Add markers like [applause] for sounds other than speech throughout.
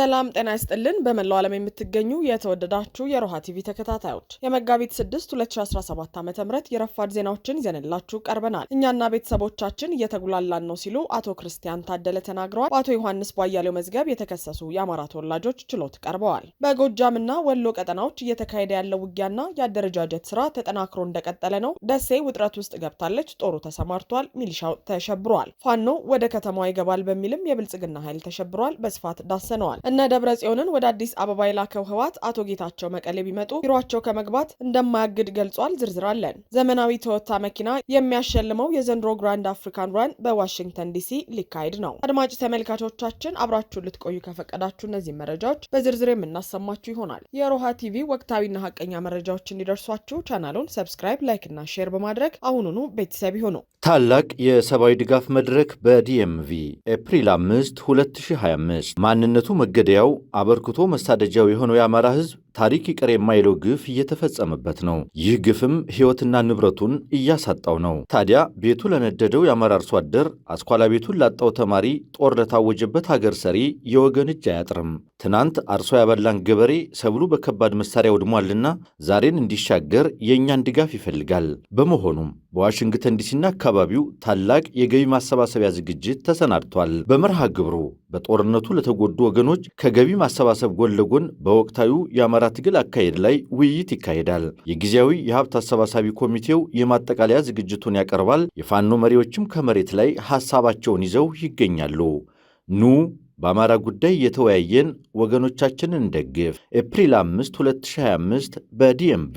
ሰላም ጤና ይስጥልን። በመላው ዓለም የምትገኙ የተወደዳችሁ የሮሃ ቲቪ ተከታታዮች የመጋቢት 6 2017 ዓ ም የረፋድ ዜናዎችን ይዘንላችሁ ቀርበናል። እኛና ቤተሰቦቻችን እየተጉላላን ነው ሲሉ አቶ ክርስቲያን ታደለ ተናግረዋል። በአቶ ዮሐንስ ባያሌው መዝገብ የተከሰሱ የአማራ ተወላጆች ችሎት ቀርበዋል። በጎጃምና ወሎ ቀጠናዎች እየተካሄደ ያለው ውጊያና የአደረጃጀት ስራ ተጠናክሮ እንደቀጠለ ነው። ደሴ ውጥረት ውስጥ ገብታለች። ጦሩ ተሰማርቷል። ሚሊሻው ተሸብሯል። ፋኖ ወደ ከተማዋ ይገባል በሚልም የብልጽግና ኃይል ተሸብሯል። በስፋት ዳሰነዋል። እነ ደብረ ጽዮንን ወደ አዲስ አበባ የላከው ህወሓት አቶ ጌታቸው መቀሌ ቢመጡ ቢሯቸው ከመግባት እንደማያግድ ገልጿል። ዝርዝር አለን። ዘመናዊ ቶዮታ መኪና የሚያሸልመው የዘንድሮ ግራንድ አፍሪካን ራን በዋሽንግተን ዲሲ ሊካሄድ ነው። አድማጭ ተመልካቾቻችን አብራችሁን ልትቆዩ ከፈቀዳችሁ እነዚህ መረጃዎች በዝርዝር የምናሰማችሁ ይሆናል። የሮሃ ቲቪ ወቅታዊና ሀቀኛ መረጃዎች እንዲደርሷችሁ ቻናሉን ሰብስክራይብ፣ ላይክ እና ሼር በማድረግ አሁኑኑ ቤተሰብ ይሁኑ። ታላቅ የሰብአዊ ድጋፍ መድረክ በዲኤምቪ ኤፕሪል 5 2025። ማንነቱ መገደያው አበርክቶ መሳደጃው የሆነው የአማራ ህዝብ። ታሪክ ይቅር የማይለው ግፍ እየተፈጸመበት ነው። ይህ ግፍም ሕይወትና ንብረቱን እያሳጣው ነው። ታዲያ ቤቱ ለነደደው የአማራ አርሶ አደር፣ አስኳላ ቤቱን ላጣው ተማሪ፣ ጦር ለታወጀበት አገር ሰሪ የወገን እጅ አያጥርም። ትናንት አርሶ ያበላን ገበሬ ሰብሉ በከባድ መሳሪያ ወድሟልና ዛሬን እንዲሻገር የእኛን ድጋፍ ይፈልጋል። በመሆኑም በዋሽንግተን ዲሲና አካባቢው ታላቅ የገቢ ማሰባሰቢያ ዝግጅት ተሰናድቷል። በመርሃ ግብሩ በጦርነቱ ለተጎዱ ወገኖች ከገቢ ማሰባሰብ ጎን ለጎን በወቅታዊ የአማራ ትግል አካሄድ ላይ ውይይት ይካሄዳል። የጊዜያዊ የሀብት አሰባሳቢ ኮሚቴው የማጠቃለያ ዝግጅቱን ያቀርባል። የፋኖ መሪዎችም ከመሬት ላይ ሀሳባቸውን ይዘው ይገኛሉ። ኑ በአማራ ጉዳይ የተወያየን ወገኖቻችንን እንደግፍ። ኤፕሪል 5 2025 በዲኤምቪ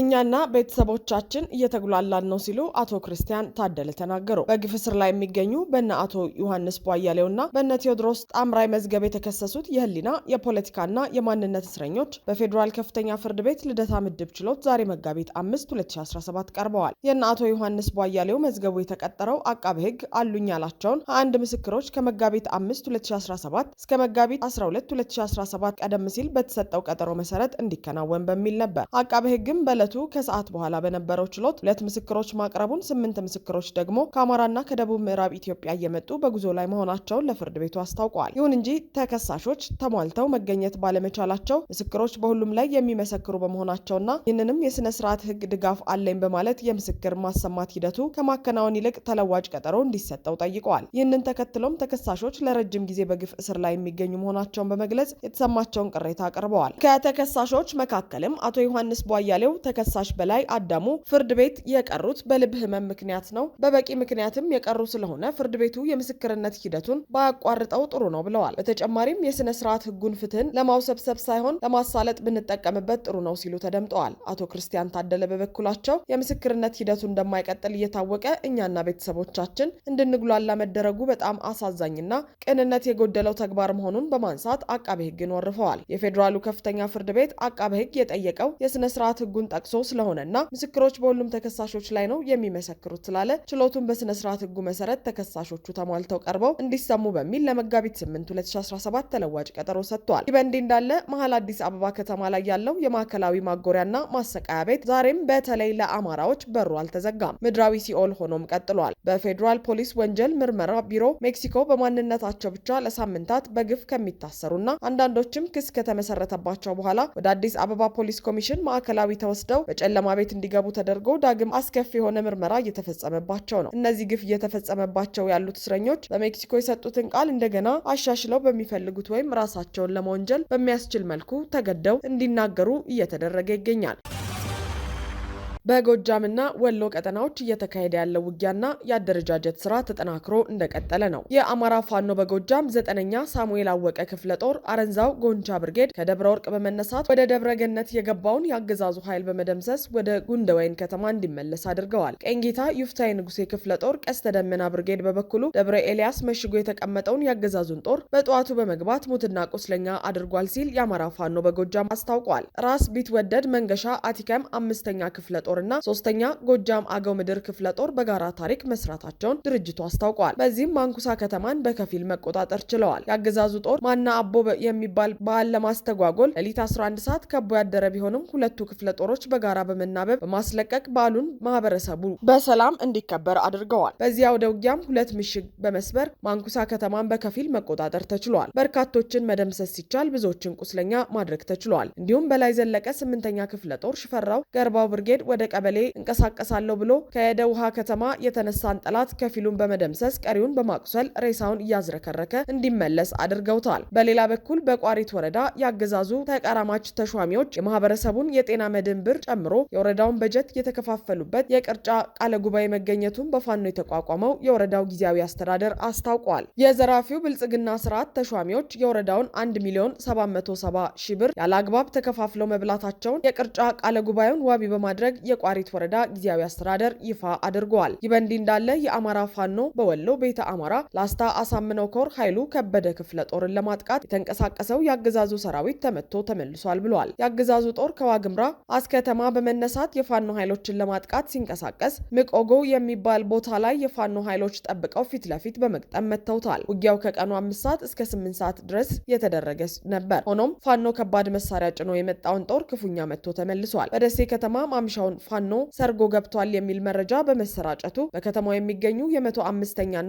እኛና ቤተሰቦቻችን እየተጉላላን ነው ሲሉ አቶ ክርስቲያን ታደለ ተናገሩ። በግፍ እስር ላይ የሚገኙ በነ አቶ ዮሐንስ ቧያሌውና በነ ቴዎድሮስ ጣምራይ መዝገብ የተከሰሱት የህሊና የፖለቲካና የማንነት እስረኞች በፌዴራል ከፍተኛ ፍርድ ቤት ልደታ ምድብ ችሎት ዛሬ መጋቢት አምስት 2017 ቀርበዋል። የነ አቶ ዮሐንስ ቧያሌው መዝገቡ የተቀጠረው አቃቤ ህግ አሉኝ ያላቸውን አንድ ምስክሮች ከመጋቢት አምስት 2017 እስከ መጋቢት 12 2017 ቀደም ሲል በተሰጠው ቀጠሮ መሰረት እንዲከናወን በሚል ነበር። አቃቤ ህግም በለ በዕለቱ ከሰዓት በኋላ በነበረው ችሎት ሁለት ምስክሮች ማቅረቡን፣ ስምንት ምስክሮች ደግሞ ከአማራና ከደቡብ ምዕራብ ኢትዮጵያ እየመጡ በጉዞ ላይ መሆናቸውን ለፍርድ ቤቱ አስታውቀዋል። ይሁን እንጂ ተከሳሾች ተሟልተው መገኘት ባለመቻላቸው ምስክሮች በሁሉም ላይ የሚመሰክሩ በመሆናቸውና ይህንንም የስነ ስርዓት ህግ ድጋፍ አለኝ በማለት የምስክር ማሰማት ሂደቱ ከማከናወን ይልቅ ተለዋጭ ቀጠሮ እንዲሰጠው ጠይቀዋል። ይህንን ተከትሎም ተከሳሾች ለረጅም ጊዜ በግፍ እስር ላይ የሚገኙ መሆናቸውን በመግለጽ የተሰማቸውን ቅሬታ አቅርበዋል። ከተከሳሾች መካከልም አቶ ዮሐንስ ቧያሌው ተከሳሽ በላይ አዳሙ ፍርድ ቤት የቀሩት በልብ ህመም ምክንያት ነው፣ በበቂ ምክንያትም የቀሩ ስለሆነ ፍርድ ቤቱ የምስክርነት ሂደቱን ባያቋርጠው ጥሩ ነው ብለዋል። በተጨማሪም የስነ ስርዓት ህጉን ፍትህን ለማውሰብሰብ ሳይሆን ለማሳለጥ ብንጠቀምበት ጥሩ ነው ሲሉ ተደምጠዋል። አቶ ክርስቲያን ታደለ በበኩላቸው የምስክርነት ሂደቱ እንደማይቀጥል እየታወቀ እኛና ቤተሰቦቻችን እንድንጉላላ መደረጉ በጣም አሳዛኝና ቅንነት የጎደለው ተግባር መሆኑን በማንሳት አቃቤ ህግን ወርፈዋል። የፌዴራሉ ከፍተኛ ፍርድ ቤት አቃቤ ህግ የጠየቀው የስነ ስርዓት ህጉን ተጠቃቅሶ ስለሆነና ምስክሮች በሁሉም ተከሳሾች ላይ ነው የሚመሰክሩት ስላለ ችሎቱን በስነ ስርዓት ህጉ መሰረት ተከሳሾቹ ተሟልተው ቀርበው እንዲሰሙ በሚል ለመጋቢት 8 2017 ተለዋጭ ቀጠሮ ሰጥቷል። ይህ በእንዲህ እንዳለ መሀል አዲስ አበባ ከተማ ላይ ያለው የማዕከላዊ ማጎሪያና ማሰቃያ ቤት ዛሬም በተለይ ለአማራዎች በሩ አልተዘጋም፣ ምድራዊ ሲኦል ሆኖም ቀጥሏል። በፌዴራል ፖሊስ ወንጀል ምርመራ ቢሮ ሜክሲኮ በማንነታቸው ብቻ ለሳምንታት በግፍ ከሚታሰሩና አንዳንዶችም ክስ ከተመሰረተባቸው በኋላ ወደ አዲስ አበባ ፖሊስ ኮሚሽን ማዕከላዊ ተወስደ ተወስደው በጨለማ ቤት እንዲገቡ ተደርጎ ዳግም አስከፊ የሆነ ምርመራ እየተፈጸመባቸው ነው። እነዚህ ግፍ እየተፈጸመባቸው ያሉት እስረኞች በሜክሲኮ የሰጡትን ቃል እንደገና አሻሽለው በሚፈልጉት ወይም ራሳቸውን ለመወንጀል በሚያስችል መልኩ ተገደው እንዲናገሩ እየተደረገ ይገኛል። በጎጃምና ወሎ ቀጠናዎች እየተካሄደ ያለው ውጊያና የአደረጃጀት ስራ ተጠናክሮ እንደቀጠለ ነው። የአማራ ፋኖ በጎጃም ዘጠነኛ ሳሙኤል አወቀ ክፍለ ጦር አረንዛው ጎንቻ ብርጌድ ከደብረ ወርቅ በመነሳት ወደ ደብረ ገነት የገባውን የአገዛዙ ኃይል በመደምሰስ ወደ ጉንደወይን ከተማ እንዲመለስ አድርገዋል። ቀንጌታ ዩፍታይ ንጉሴ ክፍለ ጦር ቀስተ ደመና ብርጌድ በበኩሉ ደብረ ኤልያስ መሽጎ የተቀመጠውን የአገዛዙን ጦር በጠዋቱ በመግባት ሙትና ቁስለኛ አድርጓል ሲል የአማራ ፋኖ በጎጃም አስታውቋል። ራስ ቢትወደድ መንገሻ አቲከም አምስተኛ ክፍለ ጦር ጦርና ሶስተኛ ጎጃም አገው ምድር ክፍለ ጦር በጋራ ታሪክ መስራታቸውን ድርጅቱ አስታውቋል። በዚህም ማንኩሳ ከተማን በከፊል መቆጣጠር ችለዋል። የአገዛዙ ጦር ማና አቦ የሚባል በዓል ለማስተጓጎል ሌሊት 11 ሰዓት ከቦ ያደረ ቢሆንም ሁለቱ ክፍለ ጦሮች በጋራ በመናበብ በማስለቀቅ በዓሉን ማህበረሰቡ በሰላም እንዲከበር አድርገዋል። በዚህ አውደ ውጊያም ሁለት ምሽግ በመስበር ማንኩሳ ከተማን በከፊል መቆጣጠር ተችሏል። በርካቶችን መደምሰስ ሲቻል ብዙዎችን ቁስለኛ ማድረግ ተችሏል። እንዲሁም በላይ ዘለቀ ስምንተኛ ክፍለ ጦር ሽፈራው ገርባው ብርጌድ ወደ ወደ ቀበሌ እንቀሳቀሳለሁ ብሎ ከሄደ ውሃ ከተማ የተነሳን ጠላት ከፊሉን በመደምሰስ ቀሪውን በማቁሰል ሬሳውን እያዝረከረከ እንዲመለስ አድርገውታል። በሌላ በኩል በቋሪት ወረዳ ያገዛዙ ተቀራማች ተሿሚዎች የማህበረሰቡን የጤና መድን ብር ጨምሮ የወረዳውን በጀት የተከፋፈሉበት የቅርጫ ቃለ ጉባኤ መገኘቱን በፋኖ የተቋቋመው የወረዳው ጊዜያዊ አስተዳደር አስታውቋል። የዘራፊው ብልጽግና ስርዓት ተሿሚዎች የወረዳውን 1 ሚሊዮን 770 ሺህ ብር ያለ አግባብ ተከፋፍለው መብላታቸውን የቅርጫ ቃለ ጉባኤውን ዋቢ በማድረግ የቋሪት ወረዳ ጊዜያዊ አስተዳደር ይፋ አድርገዋል። ይህ በእንዲህ እንዳለ የአማራ ፋኖ በወሎ ቤተ አማራ ላስታ አሳምነው ኮር ኃይሉ ከበደ ክፍለ ጦርን ለማጥቃት የተንቀሳቀሰው የአገዛዙ ሰራዊት ተመቶ ተመልሷል ብለዋል። የአገዛዙ ጦር ከዋግምራ አስከተማ በመነሳት የፋኖ ኃይሎችን ለማጥቃት ሲንቀሳቀስ ምቆጎ የሚባል ቦታ ላይ የፋኖ ኃይሎች ጠብቀው ፊት ለፊት በመቅጠም መተውታል። ውጊያው ከቀኑ አምስት ሰዓት እስከ ስምንት ሰዓት ድረስ የተደረገ ነበር። ሆኖም ፋኖ ከባድ መሳሪያ ጭኖ የመጣውን ጦር ክፉኛ መቶ ተመልሷል። በደሴ ከተማ ማምሻውን ፋኖ ሰርጎ ገብቷል የሚል መረጃ በመሰራጨቱ በከተማው የሚገኙ የመቶ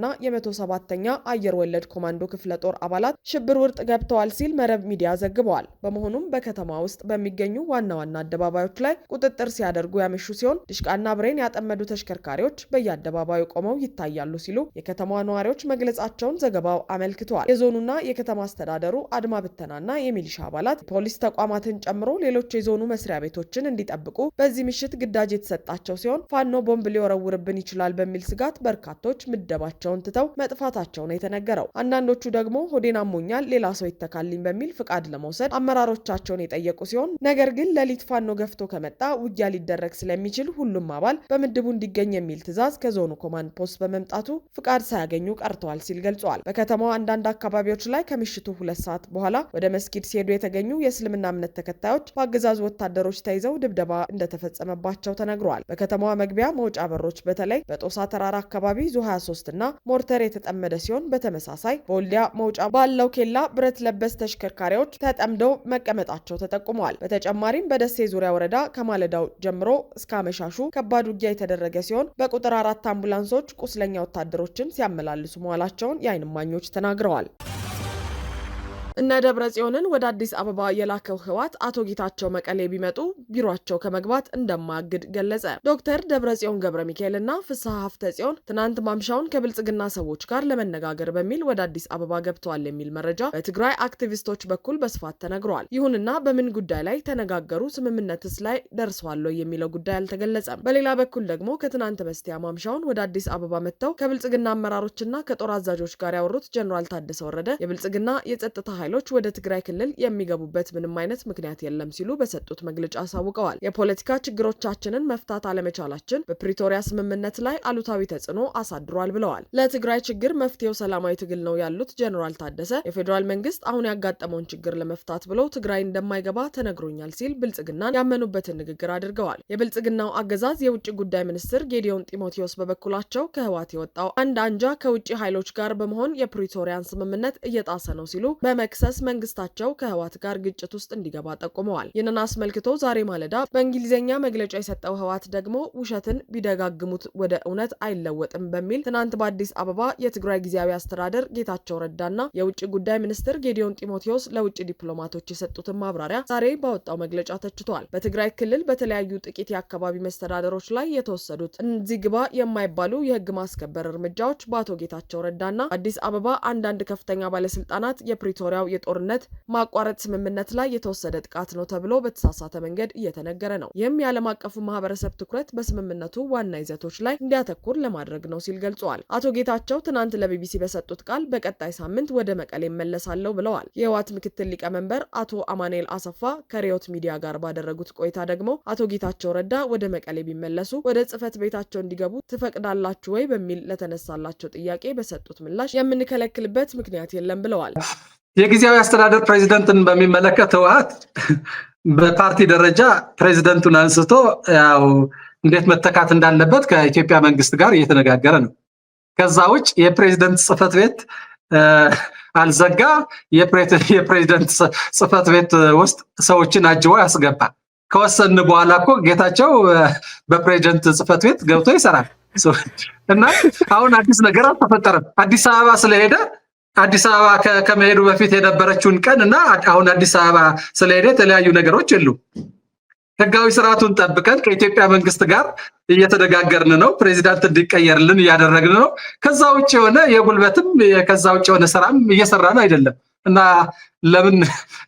ና የመቶ ሰባተኛ አየር ወለድ ኮማንዶ ክፍለ ጦር አባላት ሽብር ውርጥ ገብተዋል ሲል መረብ ሚዲያ ዘግበዋል። በመሆኑም በከተማ ውስጥ በሚገኙ ዋና ዋና አደባባዮች ላይ ቁጥጥር ሲያደርጉ ያመሹ ሲሆን ድሽቃና ብሬን ያጠመዱ ተሽከርካሪዎች በየአደባባዩ ቆመው ይታያሉ ሲሉ የከተማዋ ነዋሪዎች መግለጻቸውን ዘገባው አመልክተዋል። የዞኑና የከተማ አስተዳደሩ አድማ ብተናና የሚሊሻ አባላት የፖሊስ ተቋማትን ጨምሮ ሌሎች የዞኑ መስሪያ ቤቶችን እንዲጠብቁ በዚህ ምሽት ግዳጅ የተሰጣቸው ሲሆን ፋኖ ቦምብ ሊወረውርብን ይችላል በሚል ስጋት በርካቶች ምደባቸውን ትተው መጥፋታቸው ነው የተነገረው። አንዳንዶቹ ደግሞ ሆዴን አሞኛል፣ ሌላ ሰው ይተካልኝ በሚል ፍቃድ ለመውሰድ አመራሮቻቸውን የጠየቁ ሲሆን ነገር ግን ሌሊት ፋኖ ገፍቶ ከመጣ ውጊያ ሊደረግ ስለሚችል ሁሉም አባል በምድቡ እንዲገኝ የሚል ትዕዛዝ ከዞኑ ኮማንድ ፖስት በመምጣቱ ፍቃድ ሳያገኙ ቀርተዋል ሲል ገልጿል። በከተማው አንዳንድ አካባቢዎች ላይ ከምሽቱ ሁለት ሰዓት በኋላ ወደ መስጊድ ሲሄዱ የተገኙ የእስልምና እምነት ተከታዮች በአገዛዙ ወታደሮች ተይዘው ድብደባ እንደተፈጸመባቸው መኖራቸው ተነግሯል። በከተማዋ መግቢያ መውጫ በሮች በተለይ በጦሳ ተራራ አካባቢ ዙ 23 እና ሞርተር የተጠመደ ሲሆን በተመሳሳይ በወልዲያ መውጫ ባለው ኬላ ብረት ለበስ ተሽከርካሪዎች ተጠምደው መቀመጣቸው ተጠቁመዋል። በተጨማሪም በደሴ ዙሪያ ወረዳ ከማለዳው ጀምሮ እስከ አመሻሹ ከባድ ውጊያ የተደረገ ሲሆን በቁጥር አራት አምቡላንሶች ቁስለኛ ወታደሮችን ሲያመላልሱ መዋላቸውን የአይን እማኞች ተናግረዋል። እነ ደብረ ጽዮንን ወደ አዲስ አበባ የላከው ህወሓት አቶ ጌታቸው መቀሌ ቢመጡ ቢሯቸው ከመግባት እንደማያግድ ገለጸ። ዶክተር ደብረ ጽዮን ገብረ ሚካኤል እና ፍስሐ ሀፍተ ጽዮን ትናንት ማምሻውን ከብልጽግና ሰዎች ጋር ለመነጋገር በሚል ወደ አዲስ አበባ ገብተዋል የሚል መረጃ በትግራይ አክቲቪስቶች በኩል በስፋት ተነግሯል። ይሁንና በምን ጉዳይ ላይ ተነጋገሩ፣ ስምምነትስ ላይ ደርሰዋል የሚለው ጉዳይ አልተገለጸም። በሌላ በኩል ደግሞ ከትናንት በስቲያ ማምሻውን ወደ አዲስ አበባ መጥተው ከብልጽግና አመራሮችና ከጦር አዛዦች ጋር ያወሩት ጀኔራል ታደሰ ወረደ የብልጽግና የጸጥታ ኃይሎች ወደ ትግራይ ክልል የሚገቡበት ምንም አይነት ምክንያት የለም ሲሉ በሰጡት መግለጫ አሳውቀዋል። የፖለቲካ ችግሮቻችንን መፍታት አለመቻላችን በፕሪቶሪያ ስምምነት ላይ አሉታዊ ተጽዕኖ አሳድሯል ብለዋል። ለትግራይ ችግር መፍትሄው ሰላማዊ ትግል ነው ያሉት ጀኔራል ታደሰ የፌዴራል መንግስት አሁን ያጋጠመውን ችግር ለመፍታት ብለው ትግራይ እንደማይገባ ተነግሮኛል ሲል ብልጽግናን ያመኑበትን ንግግር አድርገዋል። የብልጽግናው አገዛዝ የውጭ ጉዳይ ሚኒስትር ጌዲዮን ጢሞቴዎስ በበኩላቸው ከህዋት የወጣው አንድ አንጃ ከውጭ ኃይሎች ጋር በመሆን የፕሪቶሪያን ስምምነት እየጣሰ ነው ሲሉ በመ በመክሰስ መንግስታቸው ከህዋት ጋር ግጭት ውስጥ እንዲገባ ጠቁመዋል። ይህንን አስመልክቶ ዛሬ ማለዳ በእንግሊዝኛ መግለጫ የሰጠው ህዋት ደግሞ ውሸትን ቢደጋግሙት ወደ እውነት አይለወጥም በሚል ትናንት በአዲስ አበባ የትግራይ ጊዜያዊ አስተዳደር ጌታቸው ረዳና የውጭ ጉዳይ ሚኒስትር ጌዲዮን ጢሞቴዎስ ለውጭ ዲፕሎማቶች የሰጡትን ማብራሪያ ዛሬ ባወጣው መግለጫ ተችቷል። በትግራይ ክልል በተለያዩ ጥቂት የአካባቢ መስተዳደሮች ላይ የተወሰዱት እዚህ ግባ የማይባሉ የህግ ማስከበር እርምጃዎች በአቶ ጌታቸው ረዳና አዲስ አበባ አንዳንድ ከፍተኛ ባለስልጣናት የፕሪቶሪያ በሰላማዊ የጦርነት ማቋረጥ ስምምነት ላይ የተወሰደ ጥቃት ነው ተብሎ በተሳሳተ መንገድ እየተነገረ ነው። ይህም የዓለም አቀፉ ማህበረሰብ ትኩረት በስምምነቱ ዋና ይዘቶች ላይ እንዲያተኩር ለማድረግ ነው ሲል ገልጸዋል። አቶ ጌታቸው ትናንት ለቢቢሲ በሰጡት ቃል በቀጣይ ሳምንት ወደ መቀሌ እመለሳለሁ ብለዋል። የህወሓት ምክትል ሊቀመንበር አቶ አማኑኤል አሰፋ ከሪዮት ሚዲያ ጋር ባደረጉት ቆይታ ደግሞ አቶ ጌታቸው ረዳ ወደ መቀሌ ቢመለሱ ወደ ጽህፈት ቤታቸው እንዲገቡ ትፈቅዳላችሁ ወይ በሚል ለተነሳላቸው ጥያቄ በሰጡት ምላሽ የምንከለክልበት ምክንያት የለም ብለዋል። የጊዜያዊ አስተዳደር ፕሬዚደንትን በሚመለከት ህወሓት በፓርቲ ደረጃ ፕሬዚደንቱን አንስቶ ያው እንዴት መተካት እንዳለበት ከኢትዮጵያ መንግስት ጋር እየተነጋገረ ነው። ከዛ ውጭ የፕሬዚደንት ጽህፈት ቤት አልዘጋ፣ የፕሬዚደንት ጽህፈት ቤት ውስጥ ሰዎችን አጅቦ ያስገባ። ከወሰን በኋላ እኮ ጌታቸው በፕሬዚደንት ጽህፈት ቤት ገብቶ ይሰራል እና አሁን አዲስ ነገር አልተፈጠረም። አዲስ አበባ ስለሄደ አዲስ አበባ ከመሄዱ በፊት የነበረችውን ቀን እና አሁን አዲስ አበባ ስለሄደ የተለያዩ ነገሮች የሉም። ህጋዊ ስርዓቱን ጠብቀን ከኢትዮጵያ መንግስት ጋር እየተነጋገርን ነው። ፕሬዚዳንት እንዲቀየርልን እያደረግን ነው። ከዛ ውጭ የሆነ የጉልበትም ከዛ ውጭ የሆነ ስራም እየሰራን አይደለም እና ለምን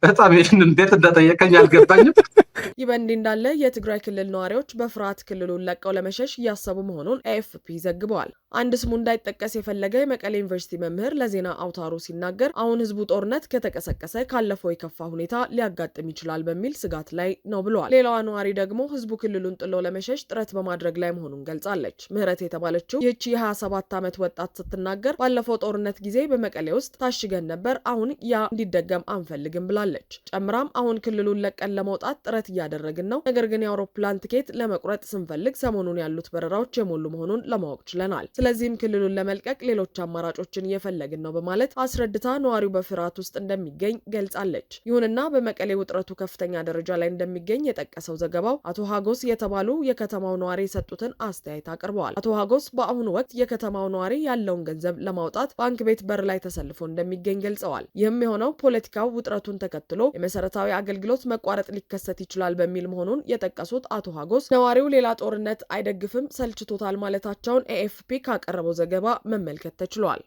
በጣም ይህንን እንዴት እንደጠየቀኝ አልገባኝም። [laughs] ይህ በእንዲህ እንዳለ የትግራይ ክልል ነዋሪዎች በፍርሃት ክልሉን ለቀው ለመሸሽ እያሰቡ መሆኑን ኤኤፍፒ ዘግበዋል። አንድ ስሙ እንዳይጠቀስ የፈለገ የመቀሌ ዩኒቨርሲቲ መምህር ለዜና አውታሩ ሲናገር አሁን ህዝቡ ጦርነት ከተቀሰቀሰ ካለፈው የከፋ ሁኔታ ሊያጋጥም ይችላል በሚል ስጋት ላይ ነው ብለዋል። ሌላዋ ነዋሪ ደግሞ ህዝቡ ክልሉን ጥሎ ለመሸሽ ጥረት በማድረግ ላይ መሆኑን ገልጻለች። ምህረት የተባለችው ይህቺ የ27 ዓመት ወጣት ስትናገር ባለፈው ጦርነት ጊዜ በመቀሌ ውስጥ ታሽገን ነበር። አሁን ያ እንዲደገም አንፈልግም ብላለች። ጨምራም አሁን ክልሉን ለቀን ለመውጣት ጥረት እያደረግን ነው፣ ነገር ግን የአውሮፕላን ትኬት ለመቁረጥ ስንፈልግ ሰሞኑን ያሉት በረራዎች የሞሉ መሆኑን ለማወቅ ችለናል። ስለዚህም ክልሉን ለመልቀቅ ሌሎች አማራጮችን እየፈለግን ነው በማለት አስረድታ ነዋሪው በፍርሃት ውስጥ እንደሚገኝ ገልጻለች። ይሁንና በመቀሌ ውጥረቱ ከፍተኛ ደረጃ ላይ እንደሚገኝ የጠቀሰው ዘገባው አቶ ሀጎስ የተባሉ የከተማው ነዋሪ የሰጡትን አስተያየት አቅርበዋል። አቶ ሀጎስ በአሁኑ ወቅት የከተማው ነዋሪ ያለውን ገንዘብ ለማውጣት ባንክ ቤት በር ላይ ተሰልፎ እንደሚገኝ ገልጸዋል። ይህም የሆነው ፖለቲካ ማስተካከያው ውጥረቱን ተከትሎ የመሰረታዊ አገልግሎት መቋረጥ ሊከሰት ይችላል በሚል መሆኑን የጠቀሱት አቶ ሀጎስ ነዋሪው ሌላ ጦርነት አይደግፍም ሰልችቶታል ማለታቸውን ኤኤፍፒ ካቀረበው ዘገባ መመልከት ተችሏል።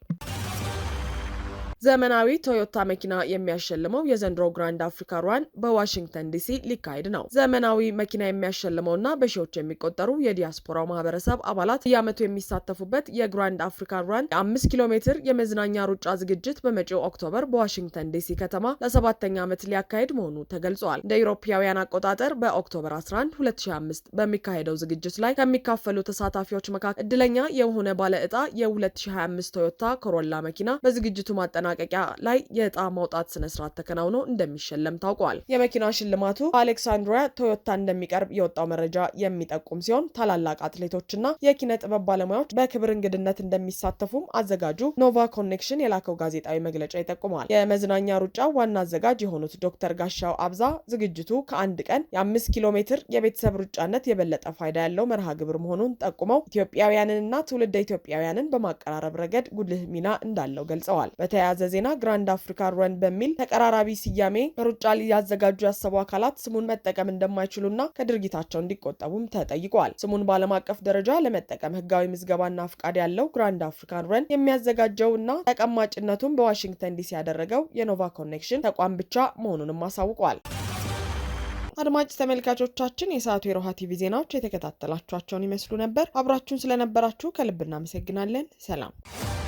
ዘመናዊ ቶዮታ መኪና የሚያሸልመው የዘንድሮ ግራንድ አፍሪካ ሯን በዋሽንግተን ዲሲ ሊካሄድ ነው። ዘመናዊ መኪና የሚያሸልመውና በሺዎች የሚቆጠሩ የዲያስፖራው ማህበረሰብ አባላት እያመቱ የሚሳተፉበት የግራንድ አፍሪካ ሯን የአምስት ኪሎ ሜትር የመዝናኛ ሩጫ ዝግጅት በመጪው ኦክቶበር በዋሽንግተን ዲሲ ከተማ ለሰባተኛ ዓመት ሊያካሄድ መሆኑ ተገልጿል። እንደ ኢሮፓውያን አቆጣጠር በኦክቶበር 11 2025 በሚካሄደው ዝግጅት ላይ ከሚካፈሉ ተሳታፊዎች መካከል እድለኛ የሆነ ዕጣ የ2025 ቶዮታ ኮሮላ መኪና በዝግጅቱ ማጠና ማጠናቀቂያ ላይ የዕጣ ማውጣት ስነስርዓት ተከናውኖ እንደሚሸለም ታውቋል። የመኪና ሽልማቱ አሌክሳንድሪያ ቶዮታ እንደሚቀርብ የወጣው መረጃ የሚጠቁም ሲሆን ታላላቅ አትሌቶችና የኪነ ጥበብ ባለሙያዎች በክብር እንግድነት እንደሚሳተፉም አዘጋጁ ኖቫ ኮኔክሽን የላከው ጋዜጣዊ መግለጫ ይጠቁማል። የመዝናኛ ሩጫ ዋና አዘጋጅ የሆኑት ዶክተር ጋሻው አብዛ ዝግጅቱ ከአንድ ቀን የአምስት ኪሎ ሜትር የቤተሰብ ሩጫነት የበለጠ ፋይዳ ያለው መርሃ ግብር መሆኑን ጠቁመው ኢትዮጵያውያንንና ትውልደ ኢትዮጵያውያንን በማቀራረብ ረገድ ጉልህ ሚና እንዳለው ገልጸዋል። በተያያዘ የተያዘ ዜና ግራንድ አፍሪካ ረን በሚል ተቀራራቢ ስያሜ በሩጫ ሊያዘጋጁ ያሰቡ አካላት ስሙን መጠቀም እንደማይችሉና ከድርጊታቸው እንዲቆጠቡም ተጠይቋል። ስሙን በዓለም አቀፍ ደረጃ ለመጠቀም ህጋዊ ምዝገባና ፍቃድ ያለው ግራንድ አፍሪካን ረን የሚያዘጋጀው እና ተቀማጭነቱን በዋሽንግተን ዲሲ ያደረገው የኖቫ ኮኔክሽን ተቋም ብቻ መሆኑንም አሳውቋል። አድማጭ ተመልካቾቻችን የሰዓቱ የሮሃ ቲቪ ዜናዎች የተከታተላችኋቸውን ይመስሉ ነበር። አብራችሁን ስለነበራችሁ ከልብ እናመሰግናለን። ሰላም